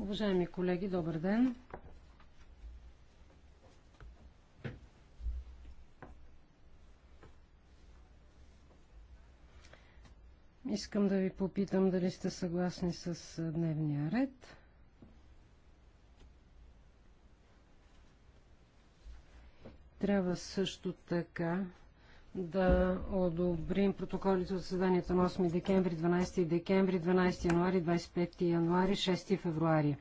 Уважаеми колеги, добър ден! Искам да ви попитам дали сте съгласни с дневния ред. Трябва също така да одобрим протоколите от заседанията на 8 декември, 12 декември, 12 януари, 25 януари, 6 февруари.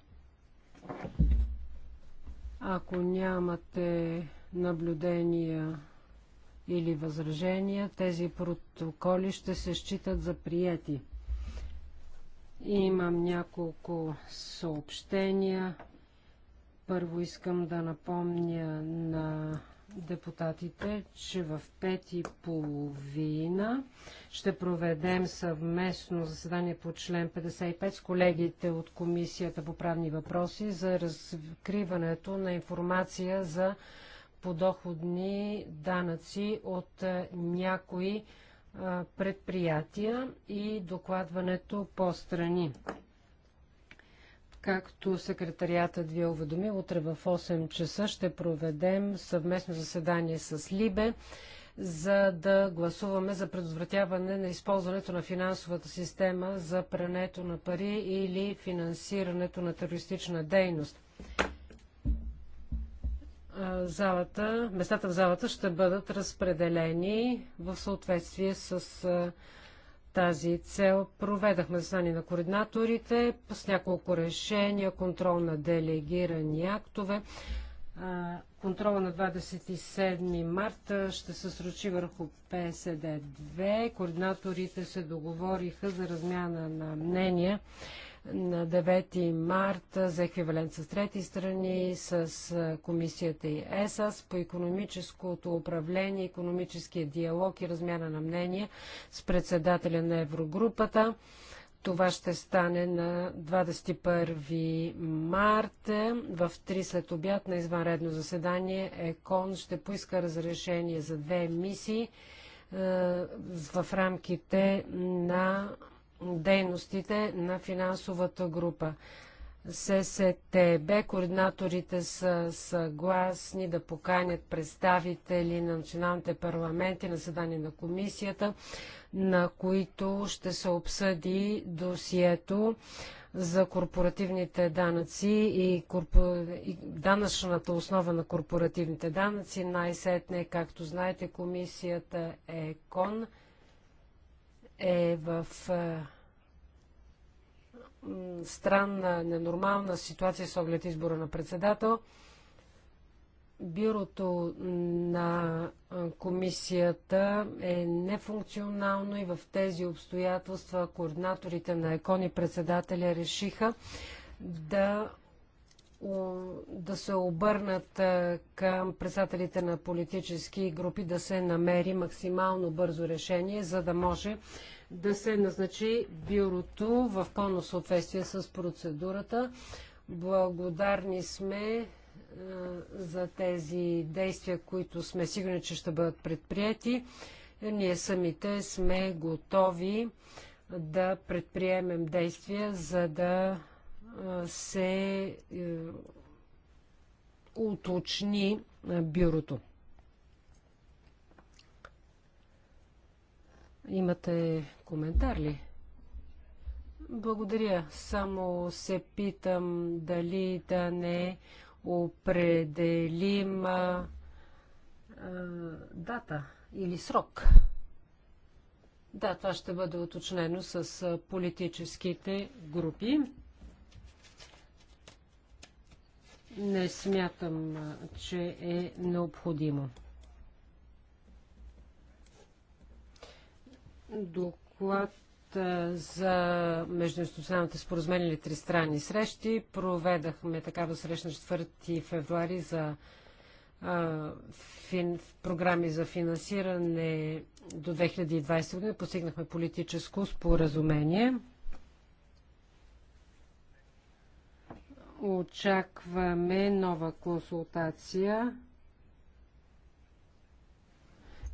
Ако нямате наблюдения или възражения, тези протоколи ще се считат за прияти. Имам няколко съобщения. Първо искам да напомня на депутатите, че в пет и половина ще проведем съвместно заседание по член 55 с колегите от Комисията по правни въпроси за разкриването на информация за подоходни данъци от някои предприятия и докладването по страни. Както секретариатът ви е уведомил, утре в 8 часа ще проведем съвместно заседание с Либе, за да гласуваме за предотвратяване на използването на финансовата система за прането на пари или финансирането на терористична дейност. Залата, местата в залата ще бъдат разпределени в съответствие с тази цел проведахме заседание на координаторите с няколко решения, контрол на делегирани актове. Контрола на 27 марта ще се срочи върху ПСД-2. Координаторите се договориха за размяна на мнения на 9 марта за еквивалент с трети страни, с комисията и ЕСАС по економическото управление, економическия диалог и размяна на мнение с председателя на Еврогрупата. Това ще стане на 21 марта в 3 след обяд на извънредно заседание. ЕКОН ще поиска разрешение за две мисии в рамките на дейностите на финансовата група. ССТБ координаторите са съгласни да поканят представители на националните парламенти на съдание на комисията, на които ще се обсъди досието за корпоративните данъци и, корпо... и данъчната основа на корпоративните данъци. Най-сетне, както знаете, комисията ЕКОН е в е, странна, ненормална ситуация с оглед избора на председател. Бюрото на комисията е нефункционално и в тези обстоятелства координаторите на ЕКОН и председателя решиха да, да се обърнат към председателите на политически групи да се намери максимално бързо решение, за да може да се назначи бюрото в пълно съответствие с процедурата. Благодарни сме за тези действия, които сме сигурни, че ще бъдат предприяти. Ние самите сме готови да предприемем действия, за да се е, уточни бюрото. Имате коментар ли? Благодаря. Само се питам дали да не определим а, а, дата или срок. Да, това ще бъде уточнено с политическите групи. Не смятам, че е необходимо. Доклад за междуинституционалните споразумения или тристранни срещи. Проведахме такава среща 4 февруари за а, фин, програми за финансиране до 2020 година. Постигнахме политическо споразумение. Очакваме нова консултация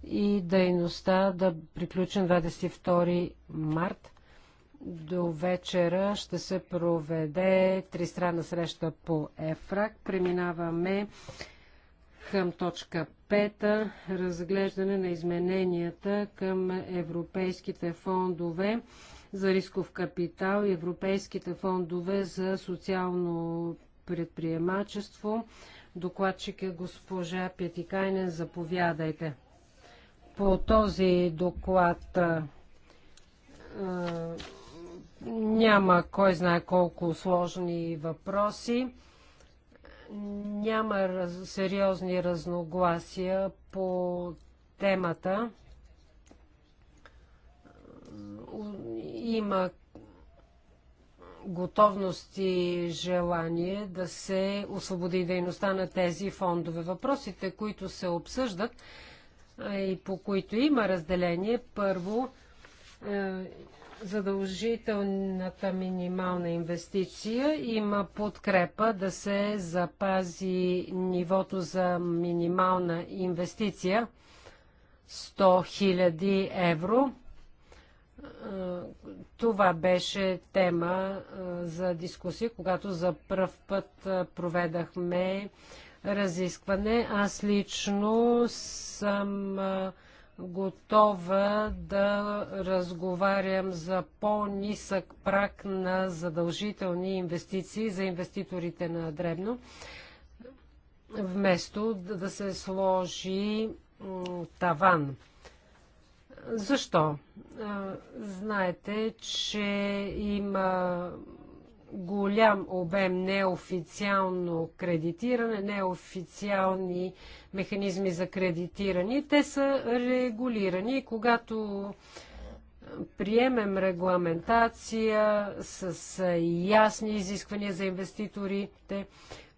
и дейността да приключим 22 март. До вечера ще се проведе тристранна среща по ЕФРАК. Преминаваме към точка 5. Разглеждане на измененията към европейските фондове за рисков капитал и европейските фондове за социално предприемачество. Докладчик е госпожа Пятикайнен. Заповядайте по този доклад а, няма кой знае колко сложни въпроси. Няма раз, сериозни разногласия по темата. Има готовност и желание да се освободи дейността на тези фондове. Въпросите, които се обсъждат, и по които има разделение. Първо, е, задължителната минимална инвестиция има подкрепа да се запази нивото за минимална инвестиция 100 000 евро. Е, това беше тема е, за дискусия, когато за първ път проведахме разискване. Аз лично съм готова да разговарям за по-нисък прак на задължителни инвестиции за инвеститорите на Дребно, вместо да се сложи таван. Защо? Знаете, че има голям обем неофициално кредитиране, неофициални механизми за кредитиране. Те са регулирани. Когато приемем регламентация с ясни изисквания за инвеститорите,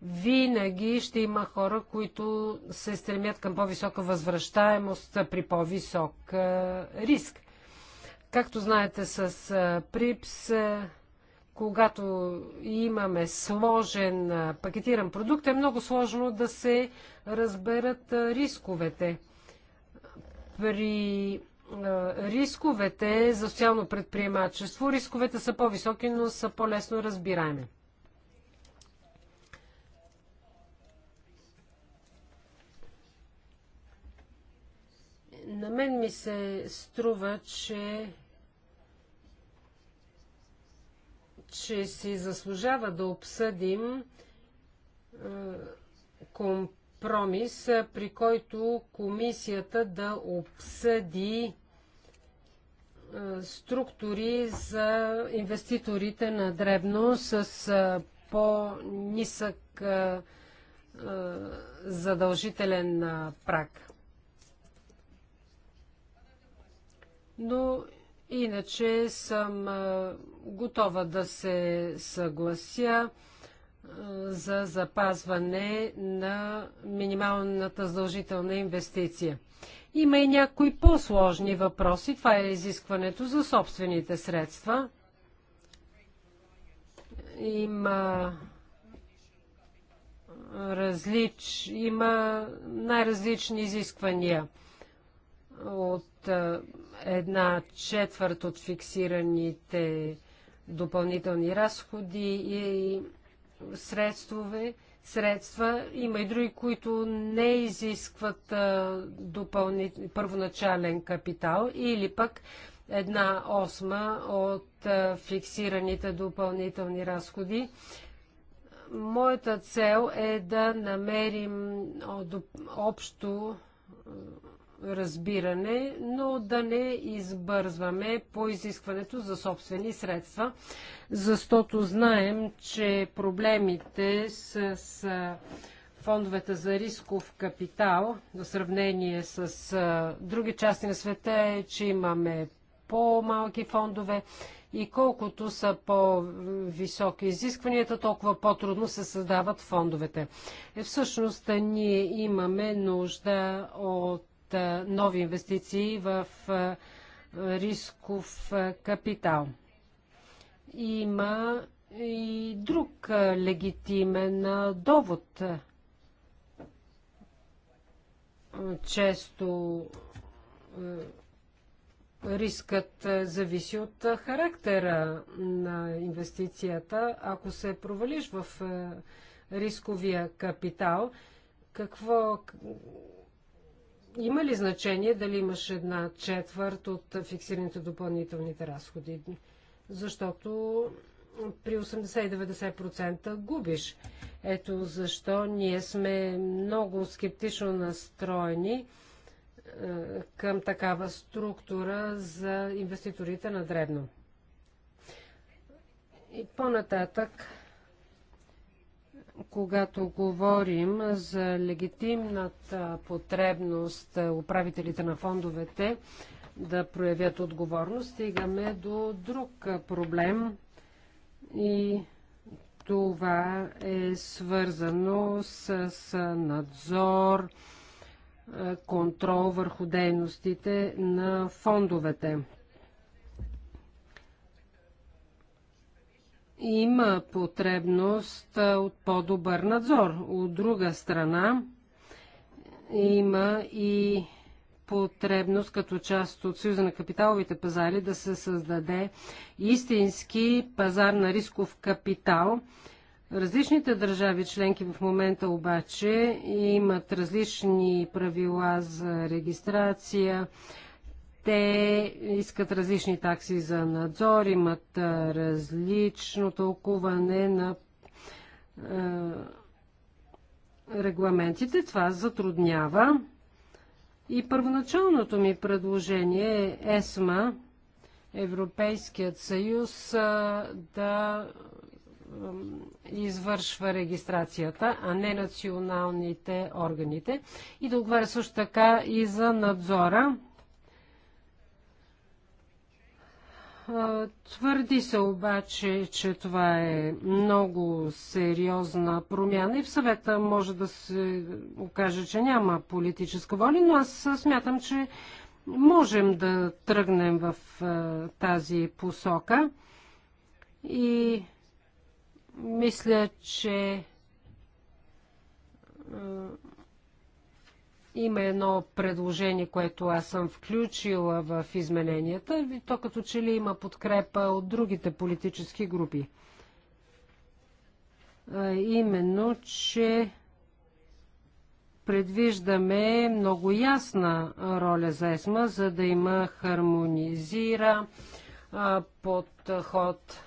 винаги ще има хора, които се стремят към по-висока възвръщаемост при по-висок риск. Както знаете с ПРИПС, когато имаме сложен пакетиран продукт, е много сложно да се разберат рисковете. При рисковете за социално предприемачество, рисковете са по-високи, но са по-лесно разбираеми. На мен ми се струва, че че си заслужава да обсъдим е, компромис, при който комисията да обсъди е, структури за инвеститорите на дребно с е, по-нисък задължителен прак. Но Иначе съм готова да се съглася за запазване на минималната задължителна инвестиция. Има и някои по-сложни въпроси. Това е изискването за собствените средства. Има различ... има най-различни изисквания от една четвърт от фиксираните допълнителни разходи и средствове, средства. Има и други, които не изискват първоначален капитал или пък една осма от фиксираните допълнителни разходи. Моята цел е да намерим общо разбиране, но да не избързваме по изискването за собствени средства, защото знаем, че проблемите с, фондовете за рисков капитал в сравнение с а, други части на света е, че имаме по-малки фондове и колкото са по-високи изискванията, толкова по-трудно се създават фондовете. Е, всъщност ние имаме нужда от е, нови инвестиции в е, рисков е, капитал. Има и друг легитимен довод. Често рискът зависи от характера на инвестицията. Ако се провалиш в рисковия капитал, какво, има ли значение дали имаш една четвърт от фиксираните допълнителните разходи? Защото при 80-90% губиш. Ето защо ние сме много скептично настроени е, към такава структура за инвеститорите на дребно. И по-нататък когато говорим за легитимната потребност управителите на фондовете да проявят отговорност, стигаме до друг проблем и това е свързано с надзор, е, контрол върху дейностите на фондовете. има потребност от по-добър надзор. От друга страна, има и потребност като част от Съюза на капиталовите пазари да се създаде истински пазар на рисков капитал. Различните държави членки в момента обаче имат различни правила за регистрация, те искат различни такси за надзор, имат различно тълкуване на е, регламентите. Това затруднява. И първоначалното ми предложение е ЕСМА, Европейският съюз, да извършва регистрацията, а не националните органите. И да отговаря също така и за надзора. Твърди се обаче, че това е много сериозна промяна и в съвета може да се окаже, че няма политическа воля, но аз смятам, че можем да тръгнем в тази посока и мисля, че има едно предложение, което аз съм включила в измененията и то като че ли има подкрепа от другите политически групи. А, именно, че предвиждаме много ясна роля за ЕСМА, за да има хармонизира а, подход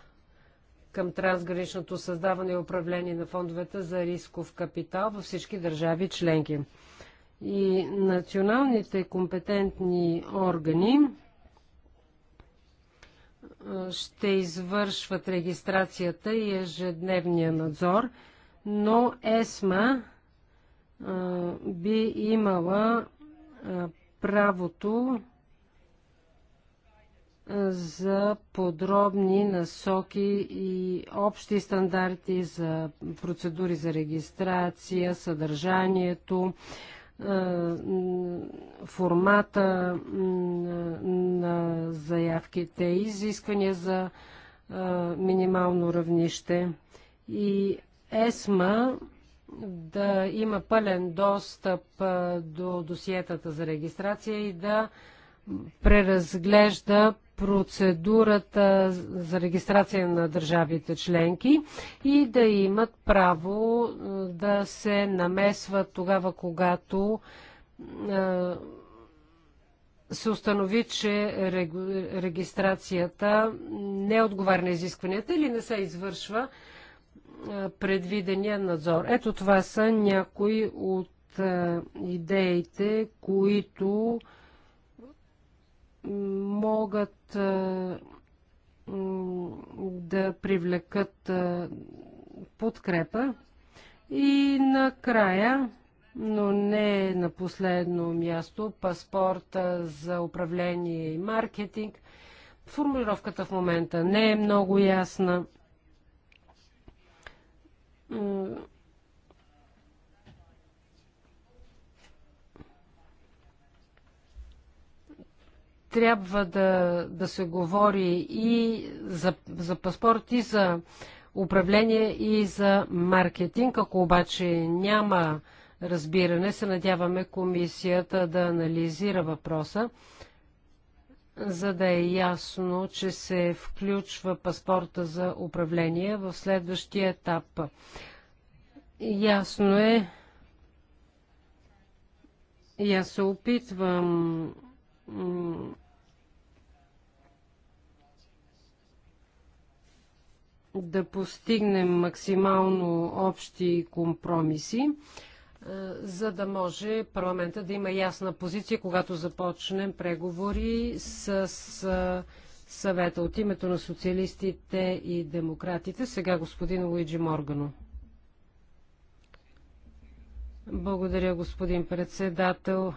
към трансграничното създаване и управление на фондовете за рисков капитал във всички държави членки и националните компетентни органи ще извършват регистрацията и ежедневния надзор, но ЕСМА би имала правото за подробни насоки и общи стандарти за процедури за регистрация, съдържанието, е, формата на заявките, изисквания за е, минимално равнище и ЕСМА да има пълен достъп е, до досиетата за регистрация и да преразглежда процедурата за регистрация на държавите членки и да имат право е, да се намесват тогава, когато е, се установи, че регистрацията не отговаря на изискванията или не се извършва е, предвидения надзор. Ето това са някои от идеите, които могат да привлекат подкрепа. И накрая, но не на последно място, паспорта за управление и маркетинг. Формулировката в момента не е много ясна трябва да, да се говори и за, за паспорт, и за управление, и за маркетинг. Ако обаче няма разбиране, се надяваме комисията да анализира въпроса, за да е ясно, че се включва паспорта за управление в следващия етап. Ясно е, и аз се опитвам да постигнем максимално общи компромиси, за да може парламента да има ясна позиция, когато започнем преговори с съвета от името на социалистите и демократите. Сега господин Луиджи Моргано. Благодаря, господин председател.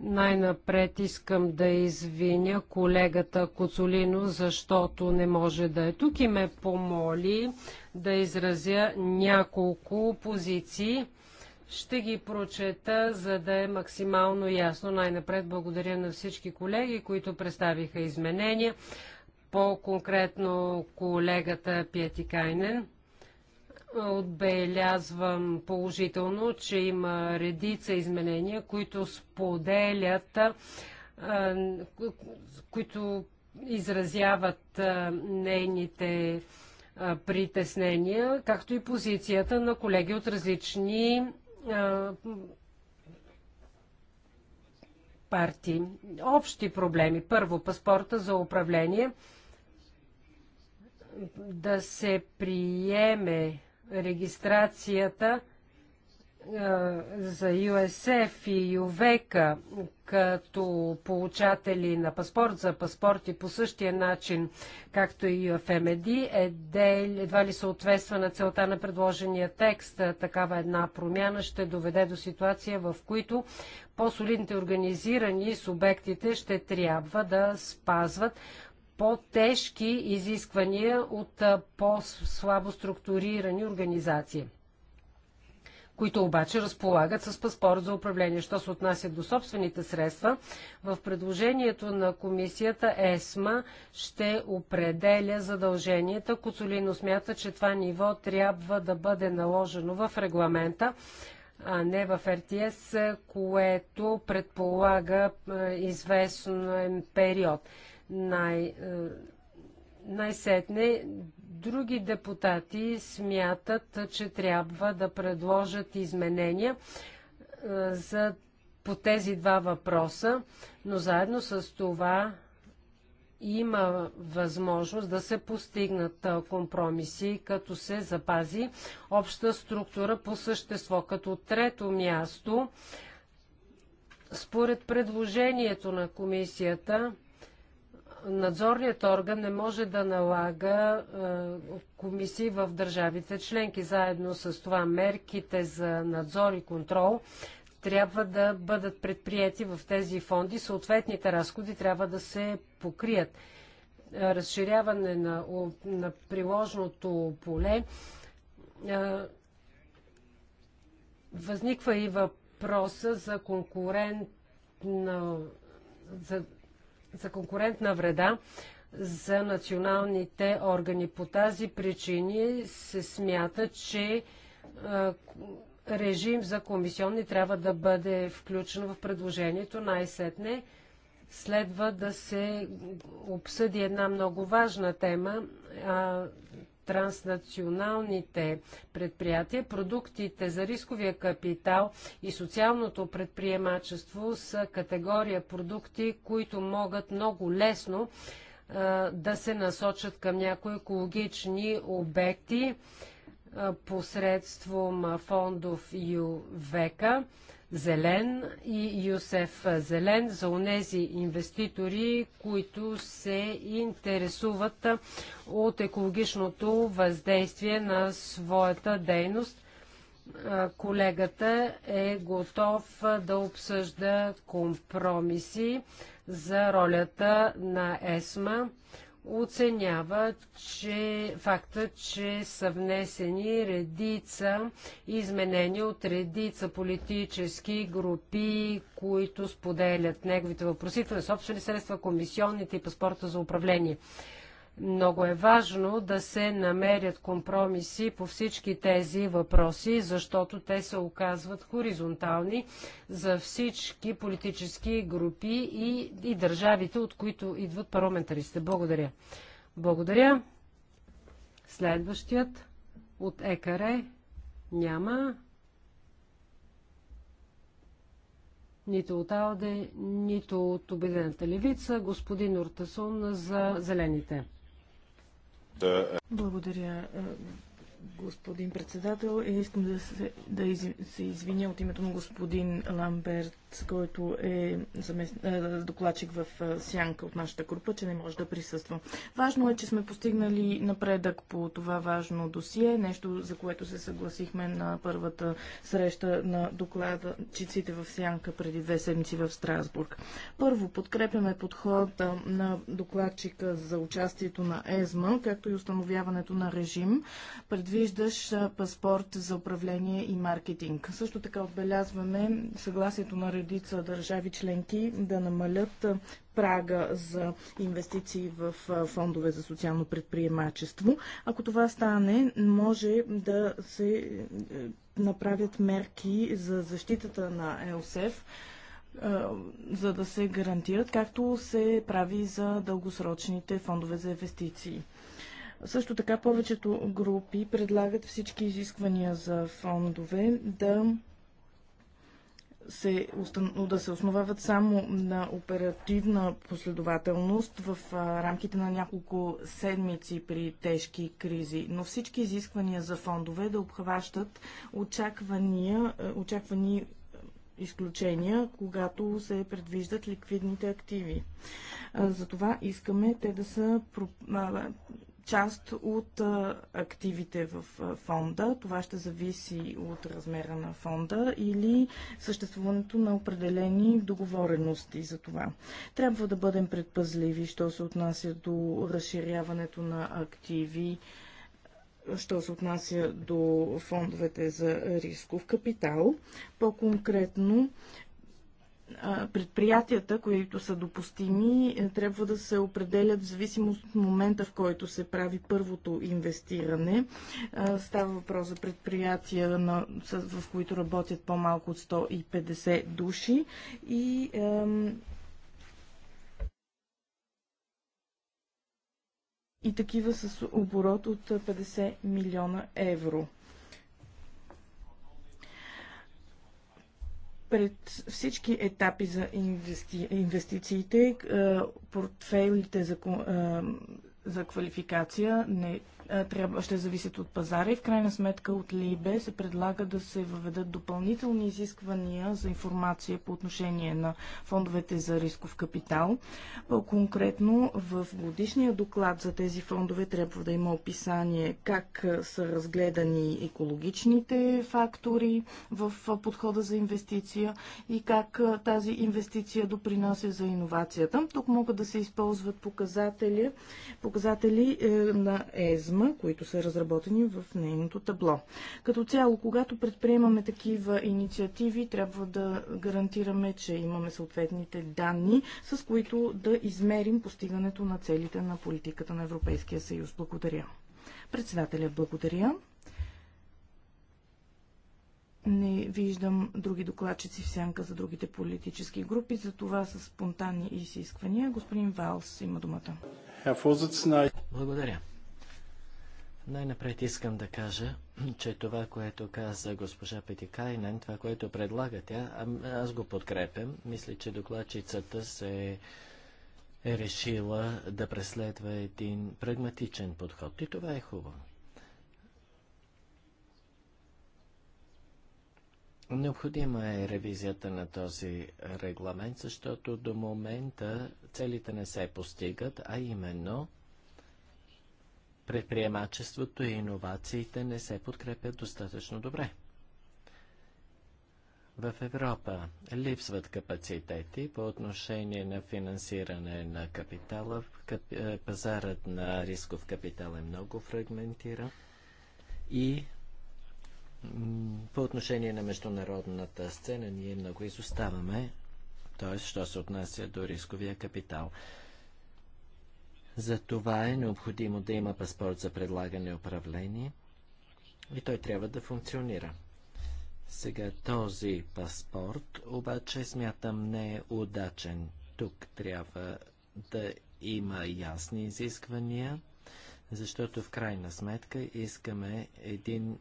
Най-напред искам да извиня колегата Коцолино, защото не може да е тук и ме помоли да изразя няколко позиции. Ще ги прочета, за да е максимално ясно. Най-напред благодаря на всички колеги, които представиха изменения. По-конкретно колегата Пиетикайнен. Кайнен отбелязвам положително, че има редица изменения, които споделят, които изразяват нейните притеснения, както и позицията на колеги от различни партии. Общи проблеми. Първо, паспорта за управление да се приеме регистрацията за USF и ЮВЕКА като получатели на паспорт за паспорти по същия начин, както и UFMD, е едва ли съответства на целта на предложения текст. Такава една промяна ще доведе до ситуация, в които по-солидните организирани субектите ще трябва да спазват по-тежки изисквания от по-слабо структурирани организации които обаче разполагат с паспорт за управление. Що се отнася до собствените средства, в предложението на комисията ЕСМА ще определя задълженията. Коцолино смята, че това ниво трябва да бъде наложено в регламента, а не в РТС, което предполага известен период най- е, най-сетне други депутати смятат, че трябва да предложат изменения е, за, по тези два въпроса, но заедно с това има възможност да се постигнат е, компромиси, като се запази обща структура по същество. Като трето място, според предложението на комисията, надзорният орган не може да налага е, комисии в държавите членки. Заедно с това мерките за надзор и контрол трябва да бъдат предприяти в тези фонди. Съответните разходи трябва да се покрият. Разширяване на, на приложното поле. Е, възниква и въпроса за конкурент на за за конкурентна вреда за националните органи. По тази причини се смята, че режим за комисионни трябва да бъде включен в предложението най-сетне. Следва да се обсъди една много важна тема, а транснационалните предприятия, продуктите за рисковия капитал и социалното предприемачество са категория продукти, които могат много лесно да се насочат към някои екологични обекти посредством фондов ЮВЕКА. Зелен и Юсеф Зелен за онези инвеститори, които се интересуват от екологичното въздействие на своята дейност. Колегата е готов да обсъжда компромиси за ролята на ЕСМА оценява че факта, че са внесени редица изменения от редица политически групи, които споделят неговите въпросителни собствени средства, комисионните и паспорта за управление. Много е важно да се намерят компромиси по всички тези въпроси, защото те се оказват хоризонтални за всички политически групи и, и държавите, от които идват парламентаристите. Благодаря. Благодаря. Следващият от ЕКАРЕ няма. нито от АЛДЕ, нито от Обедената левица, господин Ортасон за зелените. Е. Благодаря, е, господин председател. Искам да се, да из, се извиня от името на господин Ламберт който е, е докладчик в е, сянка от нашата група, че не може да присъства. Важно е, че сме постигнали напредък по това важно досие, нещо за което се съгласихме на първата среща на докладчиците в сянка преди две седмици в Страсбург. Първо, подкрепяме подхода на докладчика за участието на ЕЗМА, както и установяването на режим, предвиждаш е, паспорт за управление и маркетинг. Също така отбелязваме съгласието на редица държави членки да намалят прага за инвестиции в фондове за социално предприемачество. Ако това стане, може да се направят мерки за защитата на ЕОСЕФ, за да се гарантират, както се прави за дългосрочните фондове за инвестиции. Също така повечето групи предлагат всички изисквания за фондове да се, да се основават само на оперативна последователност в рамките на няколко седмици при тежки кризи, но всички изисквания за фондове да обхващат очаквания, очаквани изключения, когато се предвиждат ликвидните активи. Затова искаме те да са част от активите в фонда. Това ще зависи от размера на фонда или съществуването на определени договорености за това. Трябва да бъдем предпазливи, що се отнася до разширяването на активи що се отнася до фондовете за рисков капитал. По-конкретно, предприятията, които са допустими, е, трябва да се определят в зависимост от момента, в който се прави първото инвестиране. Става въпрос за предприятия, в които работят по-малко от 150 души и и такива с оборот от 50 милиона евро. пред всички етапи за инвести... инвестициите, е, портфейлите за, е, за квалификация не е, трябва, ще зависят от пазара и в крайна сметка от ЛИБЕ се предлага да се въведат допълнителни изисквания за информация по отношение на фондовете за рисков капитал. конкретно в годишния доклад за тези фондове трябва да има описание как е, са разгледани екологичните фактори в е, подхода за инвестиция и как тази инвестиция допринася за иновацията. Тук могат да се използват показатели, показатели на ЕЗМ механизма, които са разработени в нейното табло. Като цяло, когато предприемаме такива инициативи, трябва да гарантираме, че имаме съответните данни, с които да измерим постигането на целите на политиката на Европейския съюз. Благодаря. Председателя, благодаря. Не виждам други докладчици в сянка за другите политически групи, за това са спонтанни изисквания. Господин Валс има думата. Благодаря. Най-напред искам да кажа, че това, което каза госпожа Петикайнен, това, което предлага тя, а, аз го подкрепям. Мисля, че докладчицата се е решила да преследва един прагматичен подход. И това е хубаво. Необходима е ревизията на този регламент, защото до момента целите не се постигат, а именно предприемачеството и иновациите не се подкрепят достатъчно добре. В Европа липсват капацитети по отношение на финансиране на капитала. Е, пазарът на рисков капитал е много фрагментиран и по отношение на международната сцена ние много изоставаме, т.е. що се отнася до рисковия капитал. За това е необходимо да има паспорт за предлагане и управление и той трябва да функционира. Сега този паспорт обаче смятам не е удачен. Тук трябва да има ясни изисквания, защото в крайна сметка искаме един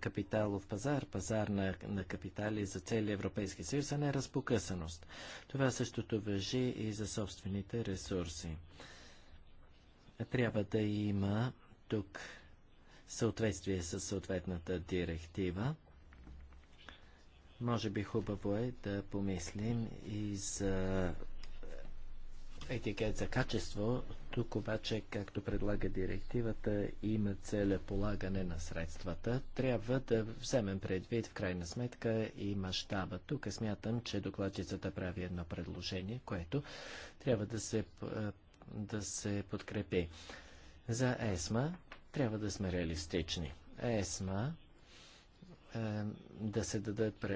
капиталов пазар, пазар на, на капитали за целия Европейски съюз, а не разпокъсаност. Това същото въжи и за собствените ресурси трябва да има тук съответствие с съответната директива. Може би хубаво е да помислим и за етикет за качество. Тук обаче, както предлага директивата, има целеполагане на средствата. Трябва да вземем предвид в крайна сметка и мащаба. Тук смятам, че докладчицата прави едно предложение, което трябва да се да се подкрепи. За ЕСМА трябва да сме реалистични. ЕСМА е, да се дадат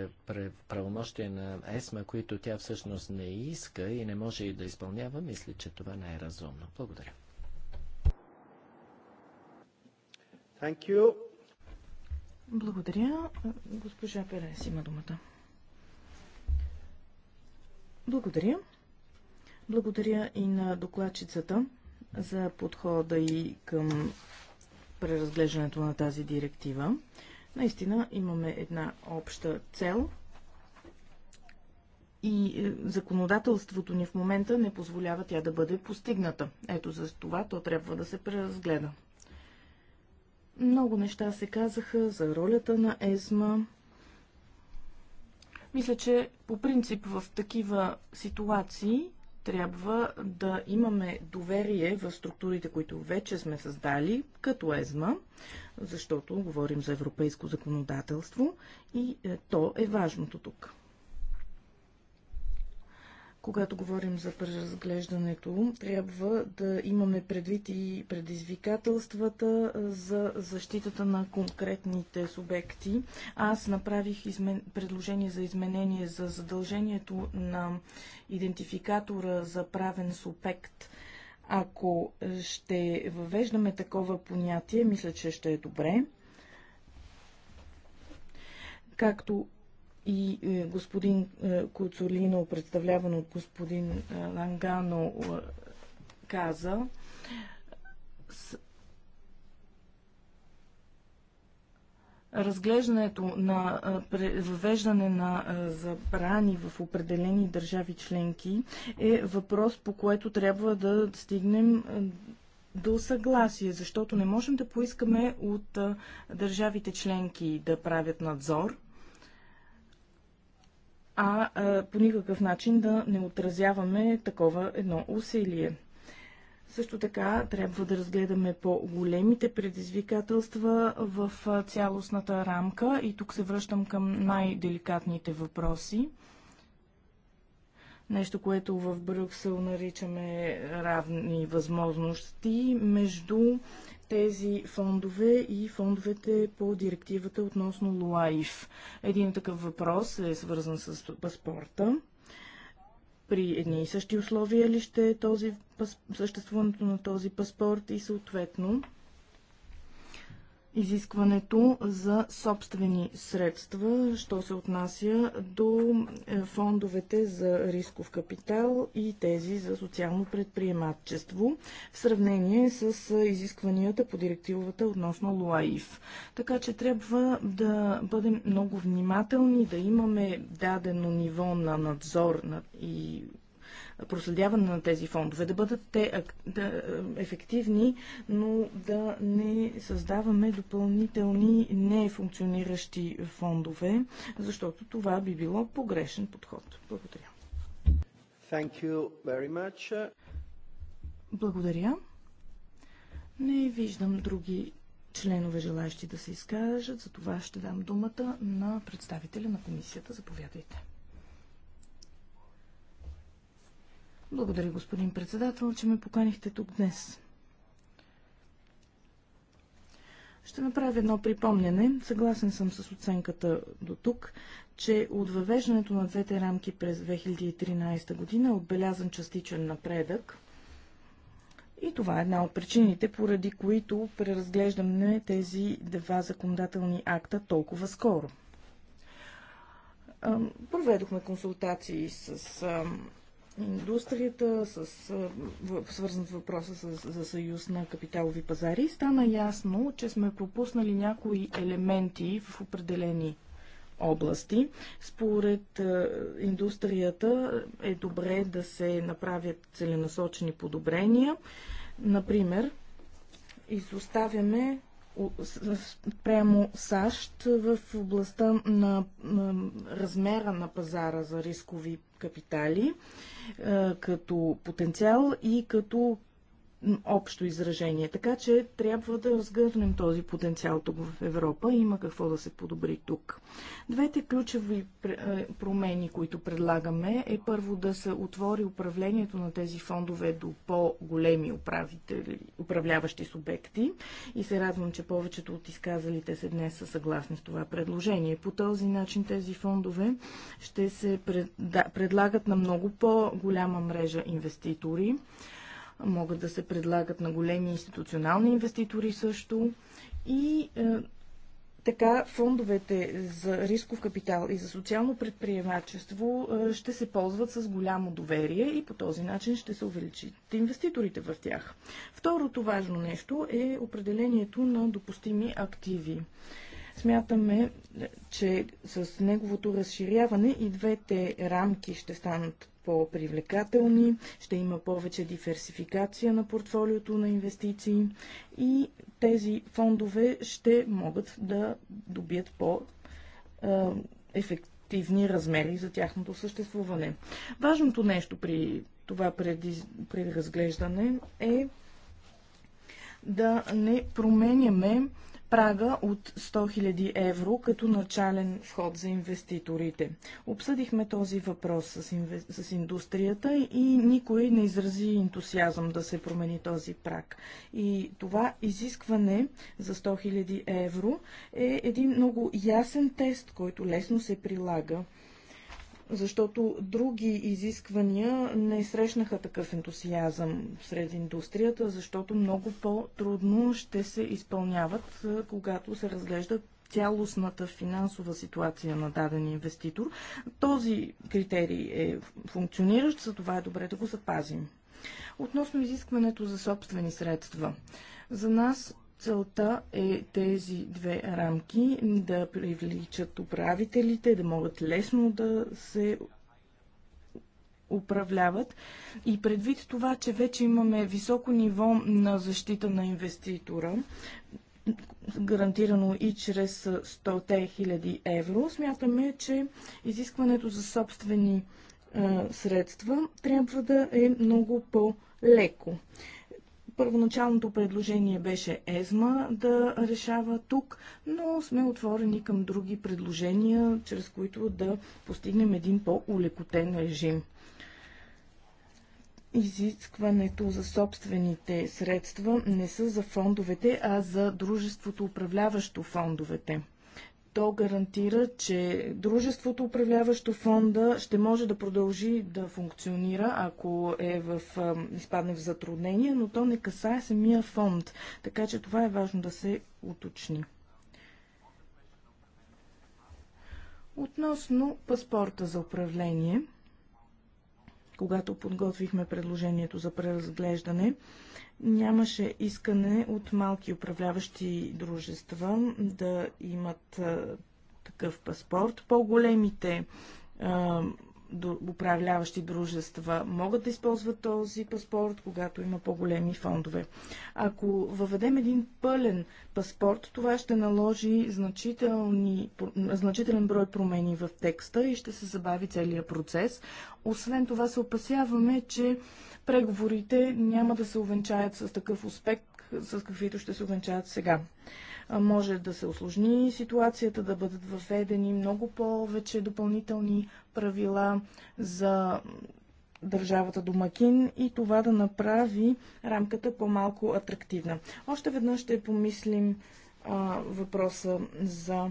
правомощия на ЕСМА, които тя всъщност не иска и не може и да изпълнява, мисля, че това не е разумно. Благодаря. Thank you. Благодаря. Госпожа Перес има думата. Благодаря. Благодаря и на докладчицата за подхода и към преразглеждането на тази директива. Наистина имаме една обща цел и е, законодателството ни в момента не позволява тя да бъде постигната. Ето за това то трябва да се преразгледа. Много неща се казаха за ролята на ЕСМА. Мисля, че по принцип в такива ситуации трябва да имаме доверие в структурите, които вече сме създали, като ЕЗМА, защото говорим за европейско законодателство и е, то е важното тук когато говорим за преразглеждането, трябва да имаме предвид и предизвикателствата за защитата на конкретните субекти. Аз направих измен... предложение за изменение за задължението на идентификатора за правен субект. Ако ще въвеждаме такова понятие, мисля, че ще е добре. Както и е, господин е, Куцулино, представляван от господин е, Лангано, каза, разглеждането на въвеждане на забрани в определени държави членки е въпрос, по което трябва да стигнем до съгласие, защото не можем да поискаме от държавите членки да правят надзор, а по никакъв начин да не отразяваме такова едно усилие. Също така трябва да разгледаме по-големите предизвикателства в цялостната рамка и тук се връщам към най-деликатните въпроси. Нещо, което в Брюксел наричаме равни възможности между тези фондове и фондовете по директивата относно ЛОАИФ. Един такъв въпрос е свързан с паспорта. При едни и същи условия ли ще е този, съществуването на този паспорт и съответно изискването за собствени средства, що се отнася до е, фондовете за рисков капитал и тези за социално предприемачество в сравнение с е, изискванията по директивата относно ЛОАИФ. Така че трябва да бъдем много внимателни, да имаме дадено ниво на надзор и проследяване на тези фондове, да бъдат те е, ефективни, но да не създаваме допълнителни нефункциониращи фондове, защото това би било погрешен подход. Благодаря. Thank you very much. Благодаря. Не виждам други членове желаящи да се изкажат, за това ще дам думата на представителя на комисията. Заповядайте. Благодаря, господин председател, че ме поканихте тук днес. Ще направя едно припомняне. Съгласен съм с оценката до тук, че от въвеждането на двете рамки през 2013 година е отбелязан частичен напредък. И това е една от причините, поради които преразглеждаме тези два законодателни акта толкова скоро. Проведохме консултации с индустрията, с, свързан с въпроса с, за съюз на капиталови пазари, стана ясно, че сме пропуснали някои елементи в определени области. Според индустрията е добре да се направят целенасочени подобрения. Например, изоставяме прямо САЩ в областта на размера на пазара за рискови капитали като потенциал и като общо изражение. Така че трябва да разгърнем този потенциал тук в Европа. Има какво да се подобри тук. Двете ключови е, промени, които предлагаме, е първо да се отвори управлението на тези фондове до по-големи управляващи субекти. И се радвам, че повечето от изказалите се днес са съгласни с това предложение. По този начин тези фондове ще се предлагат на много по-голяма мрежа инвеститори могат да се предлагат на големи институционални инвеститори също. И е, така фондовете за рисков капитал и за социално предприемачество е, ще се ползват с голямо доверие и по този начин ще се увеличат инвеститорите в тях. Второто важно нещо е определението на допустими активи. Смятаме, е, че с неговото разширяване и двете рамки ще станат по-привлекателни, ще има повече диверсификация на портфолиото на инвестиции и тези фондове ще могат да добият по-ефективни размери за тяхното съществуване. Важното нещо при това преразглеждане е да не променяме прага от 100 000 евро като начален вход за инвеститорите. Обсъдихме този въпрос с, инве... с индустрията и никой не изрази ентусиазъм да се промени този праг. И това изискване за 100 000 евро е един много ясен тест, който лесно се прилага защото други изисквания не срещнаха такъв ентусиазъм сред индустрията, защото много по-трудно ще се изпълняват, когато се разглежда цялостната финансова ситуация на даден инвеститор. Този критерий е функциониращ, за това е добре да го запазим. Относно изискването за собствени средства. За нас Целта е тези две рамки да привличат управителите, да могат лесно да се управляват. И предвид това, че вече имаме високо ниво на защита на инвеститора, гарантирано и чрез 100 000 евро, смятаме, че изискването за собствени е, средства трябва да е много по-леко. Първоначалното предложение беше ЕЗМА да решава тук, но сме отворени към други предложения, чрез които да постигнем един по-улекотен режим изискването за собствените средства не са за фондовете, а за дружеството управляващо фондовете то гарантира, че дружеството, управляващо фонда, ще може да продължи да функционира, ако е в, изпадне в затруднение, но то не касае самия фонд. Така че това е важно да се уточни. Относно паспорта за управление – когато подготвихме предложението за преразглеждане, нямаше искане от малки управляващи дружества да имат такъв паспорт. По-големите управляващи дружества могат да използват този паспорт, когато има по-големи фондове. Ако въведем един пълен паспорт, това ще наложи значителен брой промени в текста и ще се забави целият процес. Освен това се опасяваме, че преговорите няма да се увенчаят с такъв успех, с каквито ще се увенчаят сега може да се осложни ситуацията, да бъдат въведени много повече допълнителни правила за държавата домакин и това да направи рамката по-малко атрактивна. Още веднъж ще помислим а, въпроса за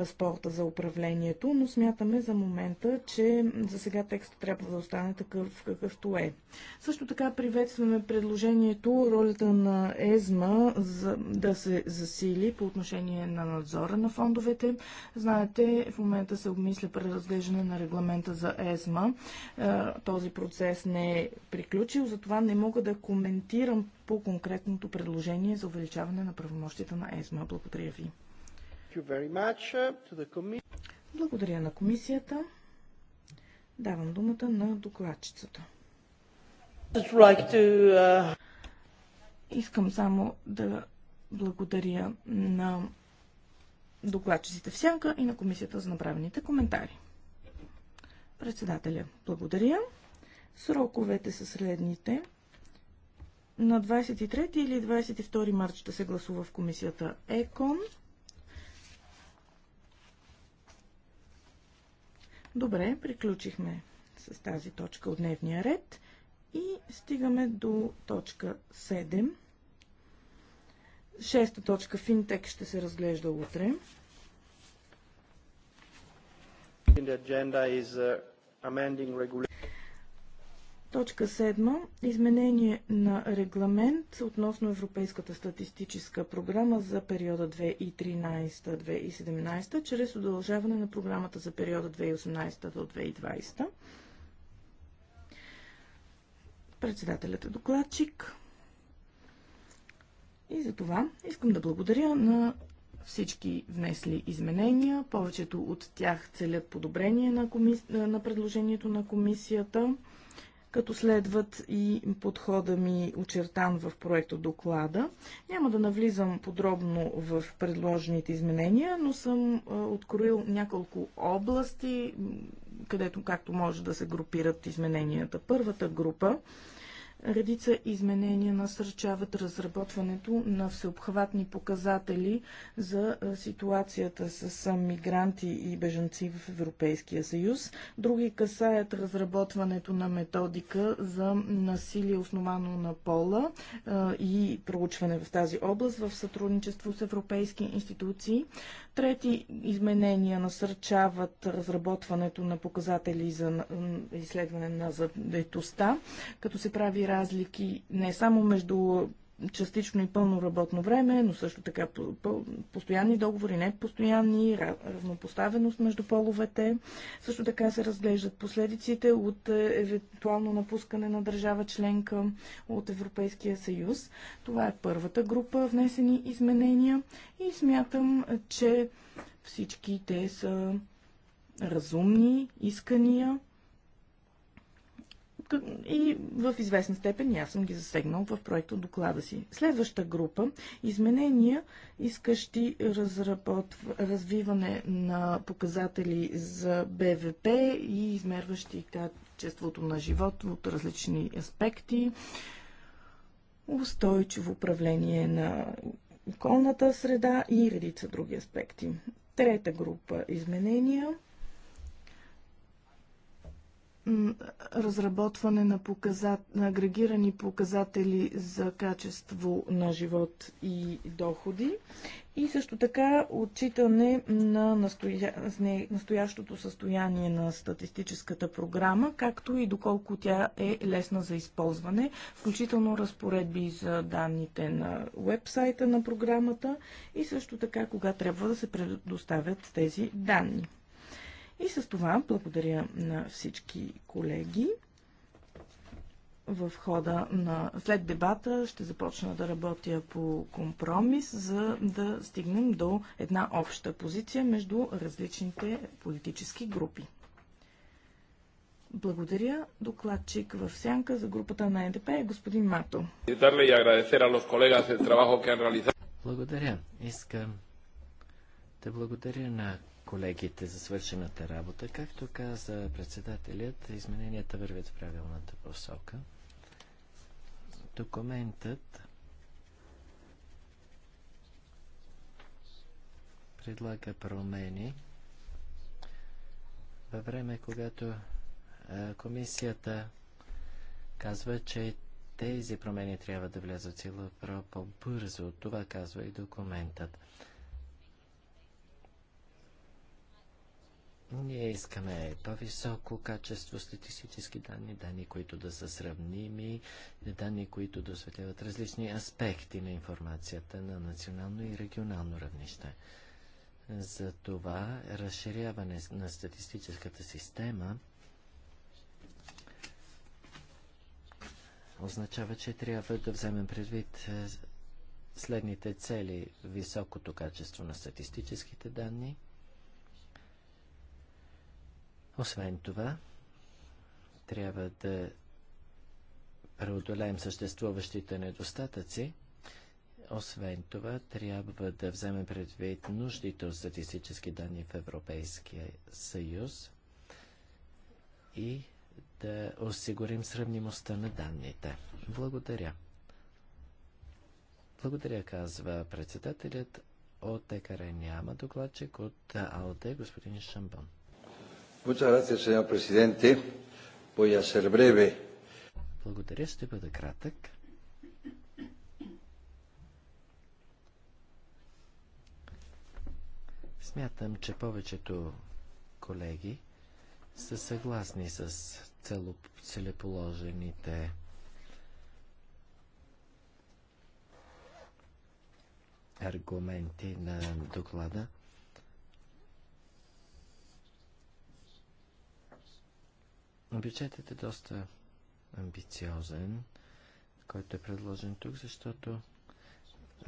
паспорта за управлението, но смятаме за момента, че за сега текстът трябва да остане такъв какъвто е. Също така приветстваме предложението ролята на ЕЗМА за, да се засили по отношение на надзора на фондовете. Знаете, в момента се обмисля преразглеждане на регламента за ЕЗМА. Е, този процес не е приключил, затова не мога да коментирам по конкретното предложение за увеличаване на правомощите на ЕСМА. Благодаря ви. Uh, благодаря на комисията. Давам думата на докладчицата. Uh, Искам само да благодаря на докладчиците в сянка и на комисията за направените коментари. Председателя, благодаря. Сроковете са следните. На 23 или 22 марта ще се гласува в комисията ЕКОН. Добре, приключихме с тази точка от дневния ред и стигаме до точка 7. Шеста точка Финтек ще се разглежда утре. Точка 7. Изменение на регламент относно Европейската статистическа програма за периода 2013-2017, чрез удължаване на програмата за периода 2018 до 2020. Председателят е докладчик. И за това искам да благодаря на всички внесли изменения. Повечето от тях целят подобрение на, коми... на предложението на комисията като следват и подхода ми очертан в проекто доклада. Няма да навлизам подробно в предложените изменения, но съм откроил няколко области, където както може да се групират измененията. Първата група Редица изменения насърчават разработването на всеобхватни показатели за ситуацията с мигранти и бежанци в Европейския съюз. Други касаят разработването на методика за насилие основано на пола и проучване в тази област в сътрудничество с европейски институции. Трети изменения насърчават разработването на показатели за изследване на заедостта, като се прави разлики не само между частично и пълно работно време, но също така постоянни договори, не постоянни, равнопоставеност между половете. Също така се разглеждат последиците от е, евентуално напускане на държава членка от Европейския съюз. Това е първата група внесени изменения и смятам, че всички те са разумни искания и в известна степен аз съм ги засегнал в проекта доклада си. Следваща група изменения, искащи разработв... развиване на показатели за БВП и измерващи качеството на живот от различни аспекти, устойчиво управление на околната среда и редица други аспекти. Трета група изменения – разработване на, показат, на агрегирани показатели за качество на живот и доходи и също така отчитане на настоя... настоящото състояние на статистическата програма, както и доколко тя е лесна за използване, включително разпоредби за данните на вебсайта на програмата и също така кога трябва да се предоставят тези данни. И с това благодаря на всички колеги. В хода на след дебата ще започна да работя по компромис, за да стигнем до една обща позиция между различните политически групи. Благодаря. Докладчик в сянка за групата на НДП е господин Мато. Благодаря. Искам да благодаря на колегите за свършената работа. Както каза председателят, измененията вървят в правилната посока. Документът предлага промени във време, когато комисията казва, че тези промени трябва да влязат в сила по-бързо. Това казва и документът. Ние искаме по-високо качество статистически данни, данни, които да са сравними, данни, които да осветляват различни аспекти на информацията на национално и регионално равнище. За това разширяване на статистическата система означава, че трябва да вземем предвид е, следните цели високото качество на статистическите данни – освен това, трябва да преодолеем съществуващите недостатъци. Освен това, трябва да вземем предвид нуждите от статистически данни в Европейския съюз и да осигурим сравнимостта на данните. Благодаря. Благодаря, казва председателят. От ЕКР няма докладчик, от АЛД господин Шамбон. Muchas gracias, señor presidente. Voy a ser breve. Благодаря, ще бъда кратък. Смятам, че повечето колеги са съгласни с целеположените аргументи на доклада. Бюджетът е доста амбициозен, който е предложен тук, защото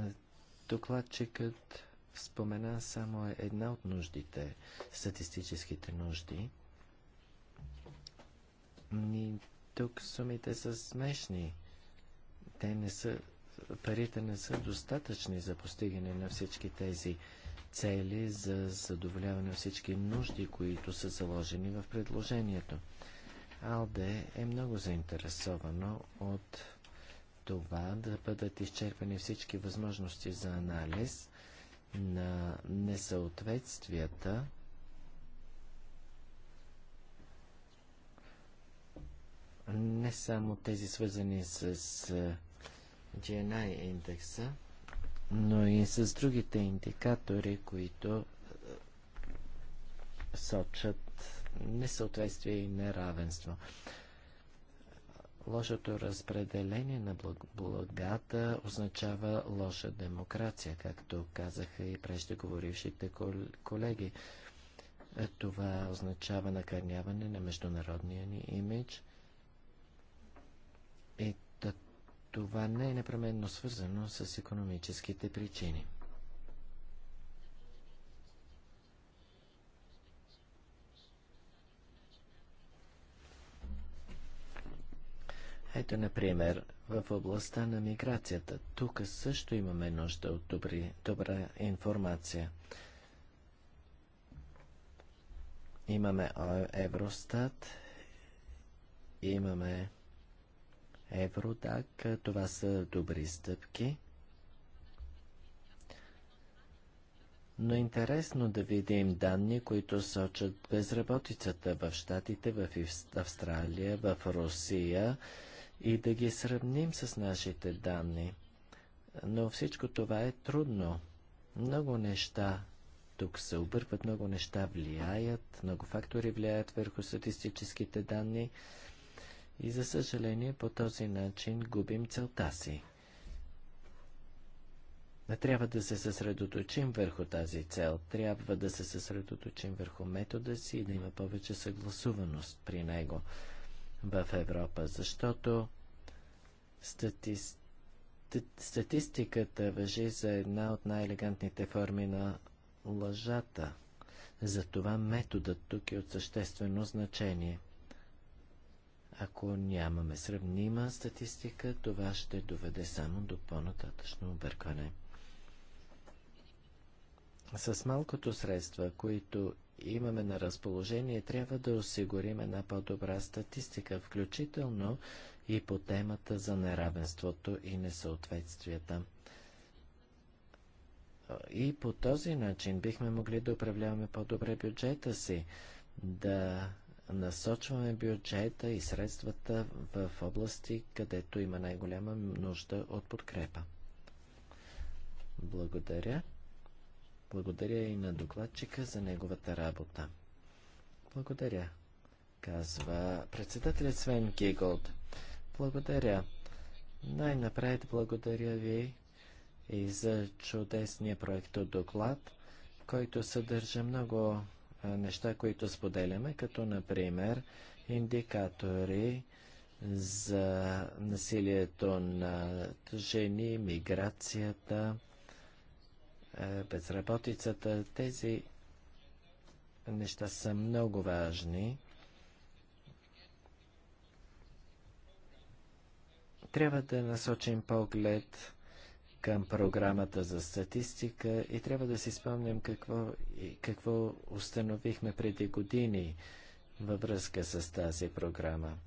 е, докладчикът спомена само една от нуждите, статистическите нужди. Ни тук сумите са смешни. Те не са, парите не са достатъчни за постигане на всички тези цели, за задоволяване на всички нужди, които са заложени в предложението. АЛДЕ е много заинтересовано от това да бъдат изчерпани всички възможности за анализ на несъответствията не само тези свързани с е, GNI индекса, но и с другите индикатори, които е, сочат несъответствие и неравенство. Лошото разпределение на благата означава лоша демокрация, както казаха и преждеговорившите колеги. Е, това означава накърняване на международния ни имидж. И това не е непременно свързано с економическите причини. Ето, например, в областта на миграцията. Тук също имаме нужда от добри, добра информация. Имаме Евростат, имаме Евродак. Това са добри стъпки. но интересно да видим данни, които сочат безработицата в Штатите, в Австралия, в Русия, и да ги сравним с нашите данни. Но всичко това е трудно. Много неща тук се объркват, много неща влияят, много фактори влияят върху статистическите данни и за съжаление по този начин губим целта си. Не Трябва да се съсредоточим върху тази цел, трябва да се съсредоточим върху метода си и да има повече съгласуваност при него в Европа, защото статистиката статистиката въжи за една от най-елегантните форми на лъжата. Затова методът тук е от съществено значение. Ако нямаме сравнима статистика, това ще доведе само до по-нататъчно объркване. С малкото средства, които имаме на разположение, трябва да осигурим една по-добра статистика, включително и по темата за неравенството и несъответствията. И по този начин бихме могли да управляваме по-добре бюджета си, да насочваме бюджета и средствата в области, където има най-голяма нужда от подкрепа. Благодаря. Благодаря и на докладчика за неговата работа. Благодаря, казва председателят Свен Гиголд. Благодаря. Най-напред благодаря ви и за чудесния проект от доклад, който съдържа много неща, които споделяме, като например индикатори за насилието на жени, миграцията, е, безработицата. Тези неща са много важни. Трябва да насочим поглед към програмата за статистика и трябва да си спомням какво, какво установихме преди години във връзка с тази програма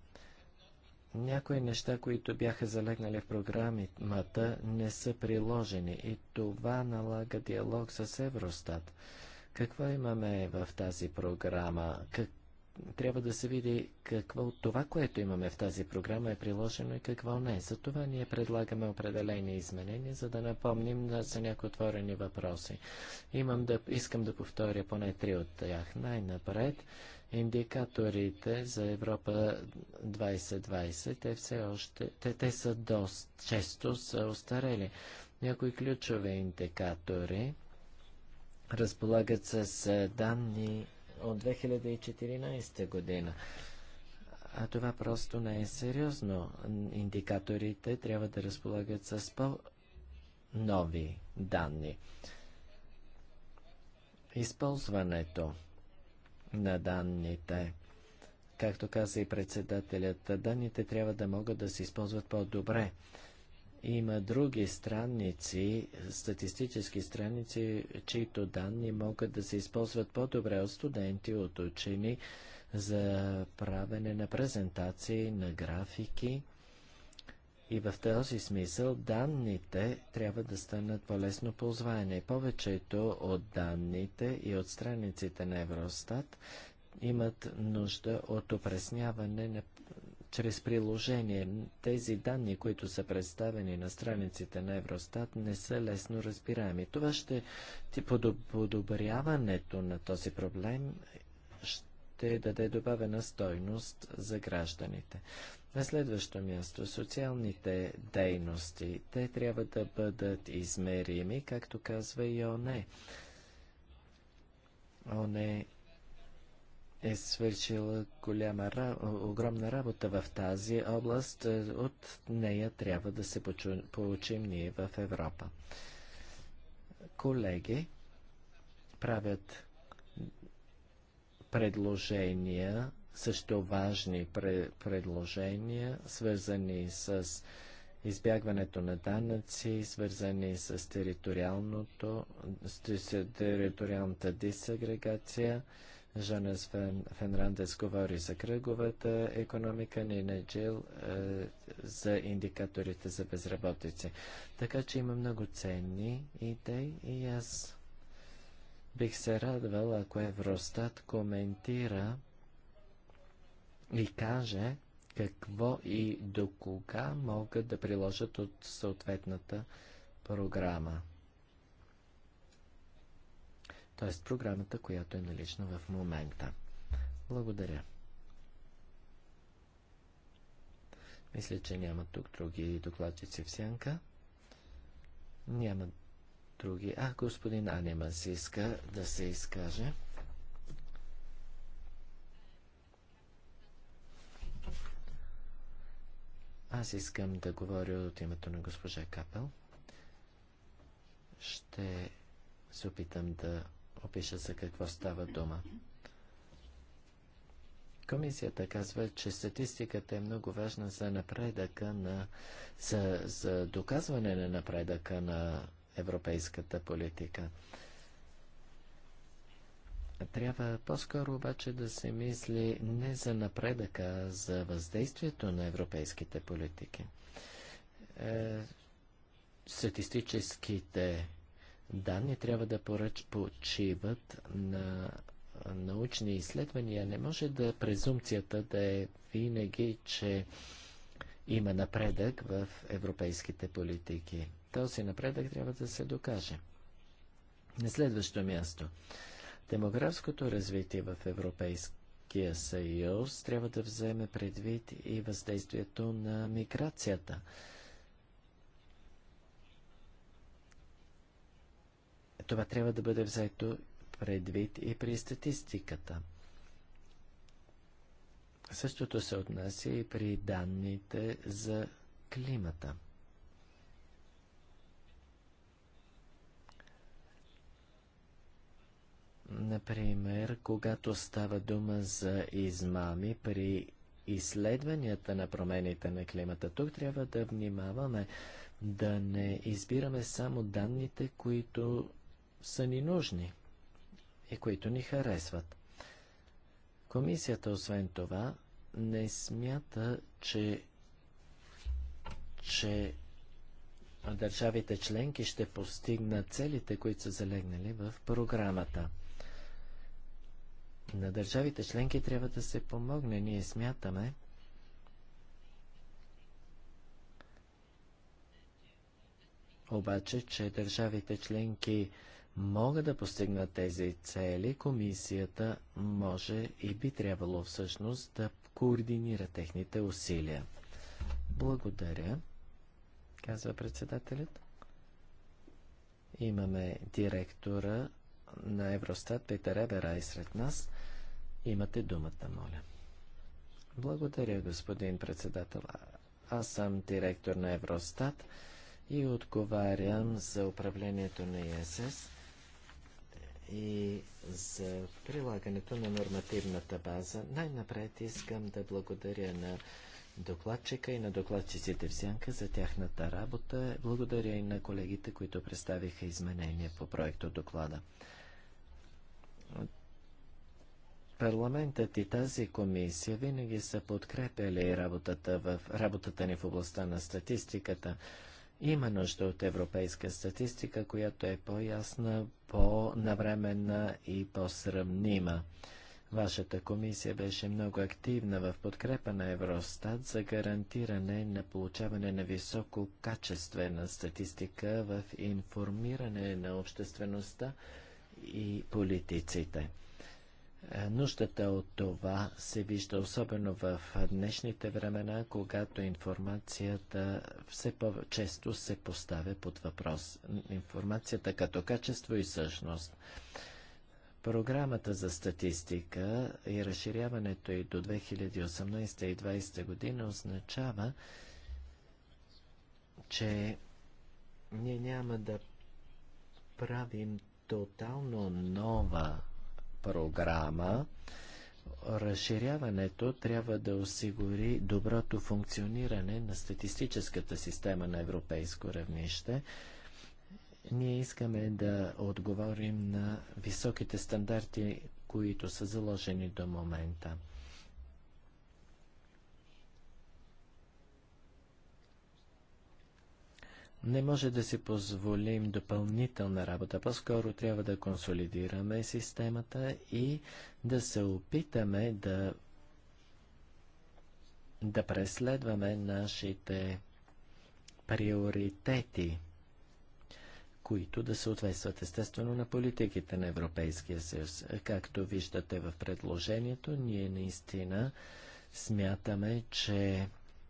някои неща, които бяха залегнали в програмата, не са приложени и това налага диалог с Евростат. Какво имаме в тази програма? Как... Трябва да се види какво от това, което имаме в тази програма е приложено и какво не. За това ние предлагаме определени изменения, за да напомним за някои отворени въпроси. Имам да... Искам да повторя поне три от тях. Най-напред Индикаторите за Европа 2020, те все още, те, те са доста често са устарели. Някои ключови индикатори разполагат с данни от 2014 година. А това просто не е сериозно. Индикаторите трябва да разполагат с по-нови данни. Използването на данните. Както каза и председателят, данните трябва да могат да се използват по-добре. Има други страници, статистически страници, чието данни могат да се използват по-добре от студенти, от учени за правене на презентации, на графики. И в този смисъл данните трябва да станат по-лесно ползваеми. Повечето от данните и от страниците на Евростат имат нужда от опресняване на чрез приложение. Тези данни, които са представени на страниците на Евростат, не са лесно разбираеми. Това ще ти подобряването на този проблем ще даде добавена стойност за гражданите. На следващо място, социалните дейности. Те трябва да бъдат измерими, както казва и ОНЕ. ОНЕ е свършила голяма, огромна работа в тази област. Е, от нея трябва да се получим ние в Европа. Колеги правят предложения също важни предложения, свързани с избягването на данъци, свързани с, териториалното, с териториалната дисагрегация. Жанес Фен, Фенрандес говори за кръговата економика, Нина Джил е, за индикаторите за безработици. Така че има много ценни идеи и аз бих се радвал, ако Евростат коментира и каже какво и до кога могат да приложат от съответната програма. Тоест програмата, която е налична в момента. Благодаря. Мисля, че няма тук други докладчици в сянка. Няма други. А, господин си иска да се изкаже. Аз искам да говоря от името на госпожа Капел. Ще се опитам да опиша за какво става дума. Комисията казва, че статистиката е много важна за напредъка на, за, за доказване на напредъка на европейската политика. Трябва по-скоро обаче да се мисли не за напредъка, а за въздействието на европейските политики. Е, статистическите данни трябва да поръч, почиват на научни изследвания. Не може да презумцията да е винаги, че има напредък в европейските политики. Този напредък трябва да се докаже. На следващо място – Демографското развитие в Европейския съюз трябва да вземе предвид и въздействието на миграцията. Това трябва да бъде взето предвид и при статистиката. Същото се отнася и при данните за климата. Например, когато става дума за измами при изследванията на промените на климата, тук трябва да внимаваме да не избираме само данните, които са ни нужни и които ни харесват. Комисията, освен това, не смята, че, че държавите членки ще постигнат целите, които са залегнали в програмата на държавите членки трябва да се помогне. Ние смятаме, обаче, че държавите членки могат да постигнат тези цели, комисията може и би трябвало всъщност да координира техните усилия. Благодаря, казва председателят. Имаме директора на Евростат Петър Ебера е сред нас. Имате думата, моля. Благодаря, господин председател. Аз съм директор на Евростат и отговарям за управлението на ИСС и за прилагането на нормативната база. Най-напред искам да благодаря на докладчика и на докладчиците в Сянка за тяхната работа. Благодаря и на колегите, които представиха изменения по проекто доклада. Парламентът и тази комисия винаги са подкрепили работата, в, работата ни в областта на статистиката. Има нужда от европейска статистика, която е по-ясна, по-навременна и по-сравнима. Вашата комисия беше много активна в подкрепа на Евростат за гарантиране на получаване на високо качествена статистика в информиране на обществеността и политиците. Е, нуждата от това се вижда особено в днешните времена, когато информацията все по-често се поставя под въпрос. Информацията като качество и същност. Програмата за статистика и разширяването и до 2018 и 2020 година означава, че ние няма да правим тотално нова програма, разширяването трябва да осигури доброто функциониране на статистическата система на европейско равнище. Ние искаме да отговорим на високите стандарти, които са заложени до момента. Не може да си позволим допълнителна работа. По-скоро трябва да консолидираме системата и да се опитаме да, да преследваме нашите приоритети, които да съответстват естествено на политиките на Европейския съюз. Както виждате в предложението, ние наистина смятаме, че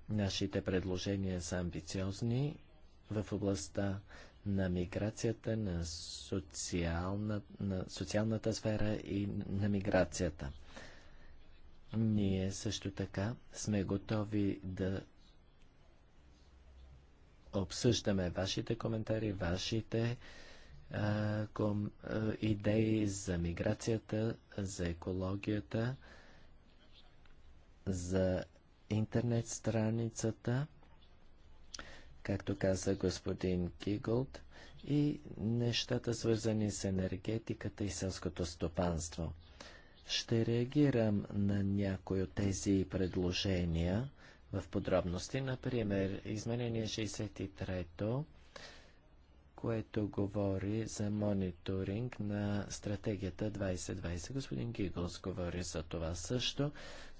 нашите предложения са амбициозни в областта на миграцията, на, социална, на социалната сфера и на миграцията. Ние също така сме готови да обсъждаме вашите коментари, вашите а, ком, а, идеи за миграцията, за екологията, за интернет страницата както каза господин Киголд, и нещата свързани с енергетиката и селското стопанство. Ще реагирам на някои от тези предложения в подробности. Например, изменение 63-то което говори за мониторинг на стратегията 2020. Господин Гигълс говори за това също.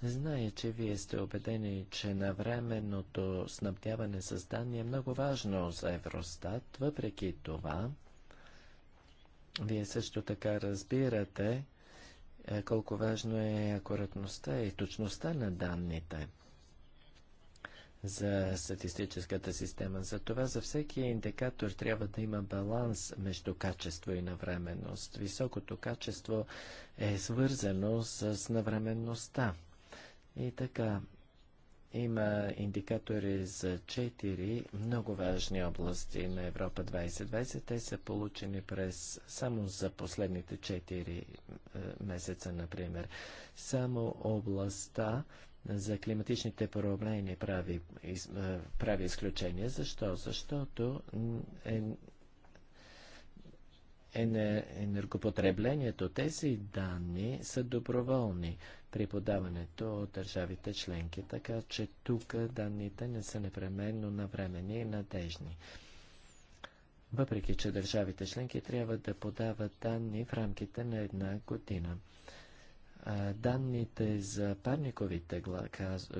знае, че вие сте убедени, че навременното снабдяване с данни е много важно за Евростат. Въпреки това, вие също така разбирате е, колко важно е акуратността и точността на данните за статистическата система. За това за всеки индикатор трябва да има баланс между качество и навременност. Високото качество е свързано с навременността. И така, има индикатори за четири много важни области на Европа 2020. Те са получени през само за последните четири е, месеца, например. Само областта за климатичните проблеми прави, из, прави изключение. Защо? Защото е, е, енергопотреблението, тези данни са доброволни при подаването от държавите членки, така че тук данните не са непременно навремени и надежни. Въпреки, че държавите членки трябва да подават данни в рамките на една година данните за парниковите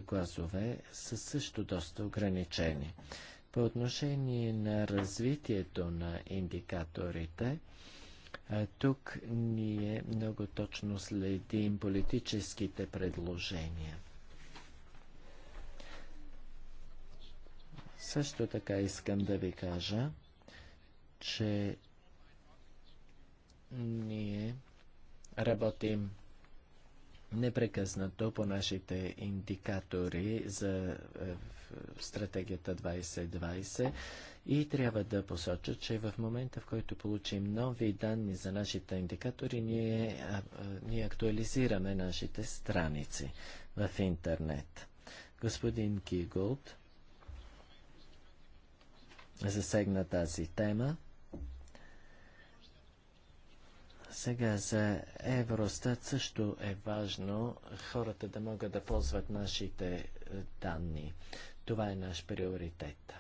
гласове са също доста ограничени. По отношение на развитието на индикаторите, тук ние много точно следим политическите предложения. Също така искам да ви кажа, че ние работим непрекъснато по нашите индикатори за е, стратегията 2020 и трябва да посоча, че в момента, в който получим нови данни за нашите индикатори, ние, а, е, а, ние актуализираме нашите страници в интернет. Господин Киголд засегна тази тема. Сега за Евростат също е важно хората да могат да ползват нашите е, данни. Това е наш приоритет.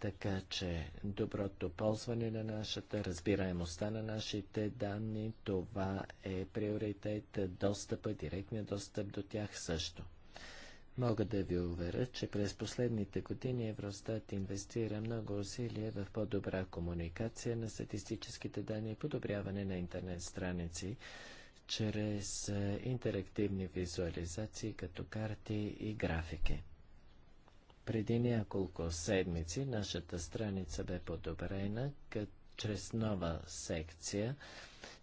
Така че доброто ползване на нашата, разбираемостта на нашите данни, това е приоритет. Достъпа, директния достъп до тях също. Мога да ви уверя, че през последните години Евростат инвестира много усилия в по-добра комуникация на статистическите данни и подобряване на интернет страници чрез е, интерактивни визуализации като карти и графики. Преди няколко седмици нашата страница бе подобрена, като чрез нова секция.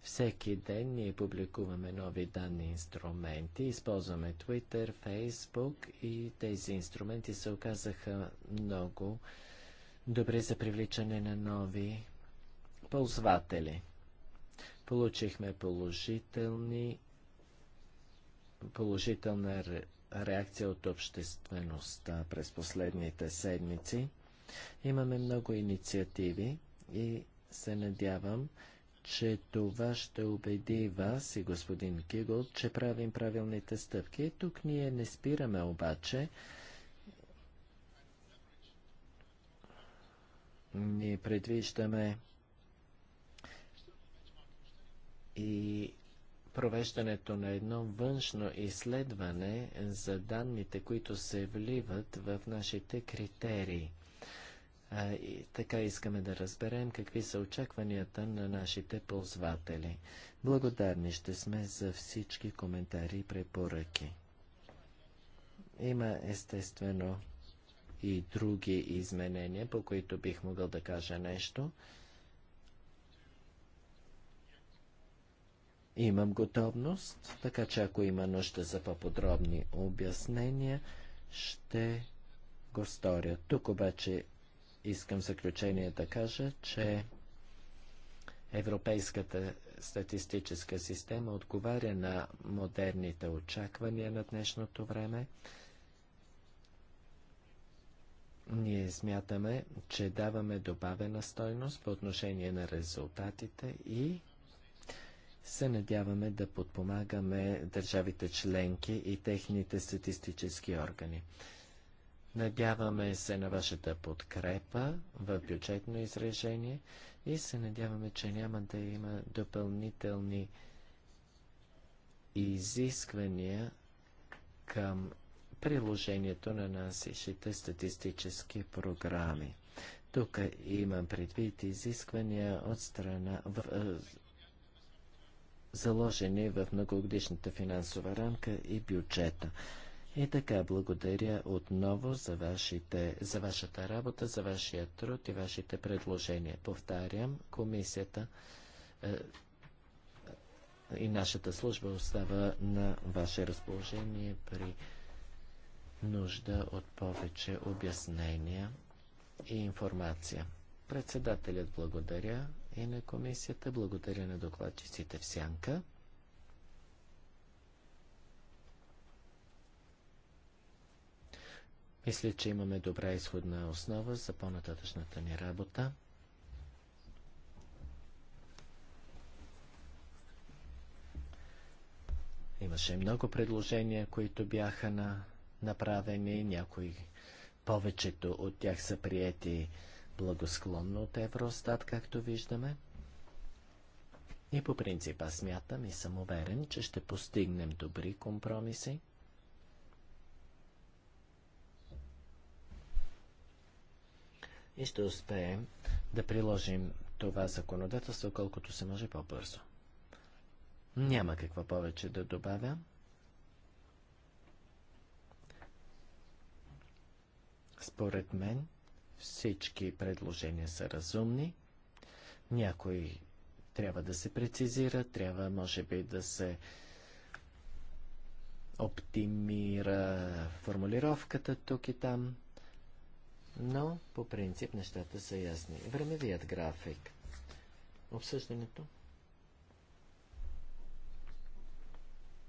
Всеки ден ние публикуваме нови данни инструменти, използваме Twitter, Facebook и тези инструменти се оказаха много добри за привличане на нови ползватели. Получихме положителни, положителна реакция от обществеността през последните седмици. Имаме много инициативи и се надявам, че това ще убеди вас и господин Кигъл, че правим правилните стъпки. Тук ние не спираме обаче. Ние предвиждаме и провеждането на едно външно изследване за данните, които се вливат в нашите критерии. И така искаме да разберем какви са очакванията на нашите ползватели. Благодарни ще сме за всички коментари и препоръки. Има естествено и други изменения, по които бих могъл да кажа нещо. Имам готовност, така че ако има нужда за по-подробни обяснения, ще го сторя. Тук обаче искам в заключение да кажа, че Европейската статистическа система отговаря на модерните очаквания на днешното време. Ние смятаме, че даваме добавена стойност по отношение на резултатите и се надяваме да подпомагаме държавите членки и техните статистически органи. Надяваме се на вашата подкрепа в бюджетно изражение и се надяваме, че няма да има допълнителни изисквания към приложението на нашите статистически програми. Тук имам предвид изисквания от страна в, заложени в многогодишната финансова рамка и бюджета. И така, благодаря отново за, вашите, за вашата работа, за вашия труд и вашите предложения. Повтарям, комисията е, и нашата служба остава на ваше разположение при нужда от повече обяснения и информация. Председателят благодаря и на комисията, благодаря на докладчиците в Сянка. Мисля, че имаме добра изходна основа за по-нататъчната ни работа. Имаше много предложения, които бяха на, направени, някои повечето от тях са приети благосклонно от Евростат, както виждаме. И по принцип аз смятам и съм уверен, че ще постигнем добри компромиси. и ще успеем да приложим това законодателство колкото се може по-бързо. Няма какво повече да добавя. Според мен всички предложения са разумни. Някои трябва да се прецизира, трябва може би да се оптимира формулировката тук и там но по принцип нещата са ясни. Времевият график. Обсъждането?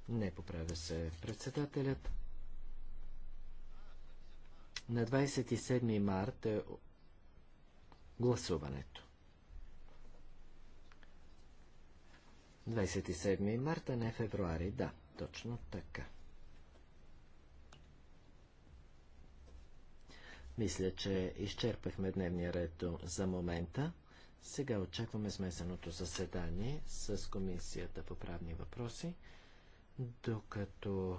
Не поправя се председателят. На 27 март е гласуването. 27 марта, не февруари, да, точно така. Мисля, че изчерпахме дневния ред за момента. Сега очакваме смесеното заседание с Комисията по правни въпроси, докато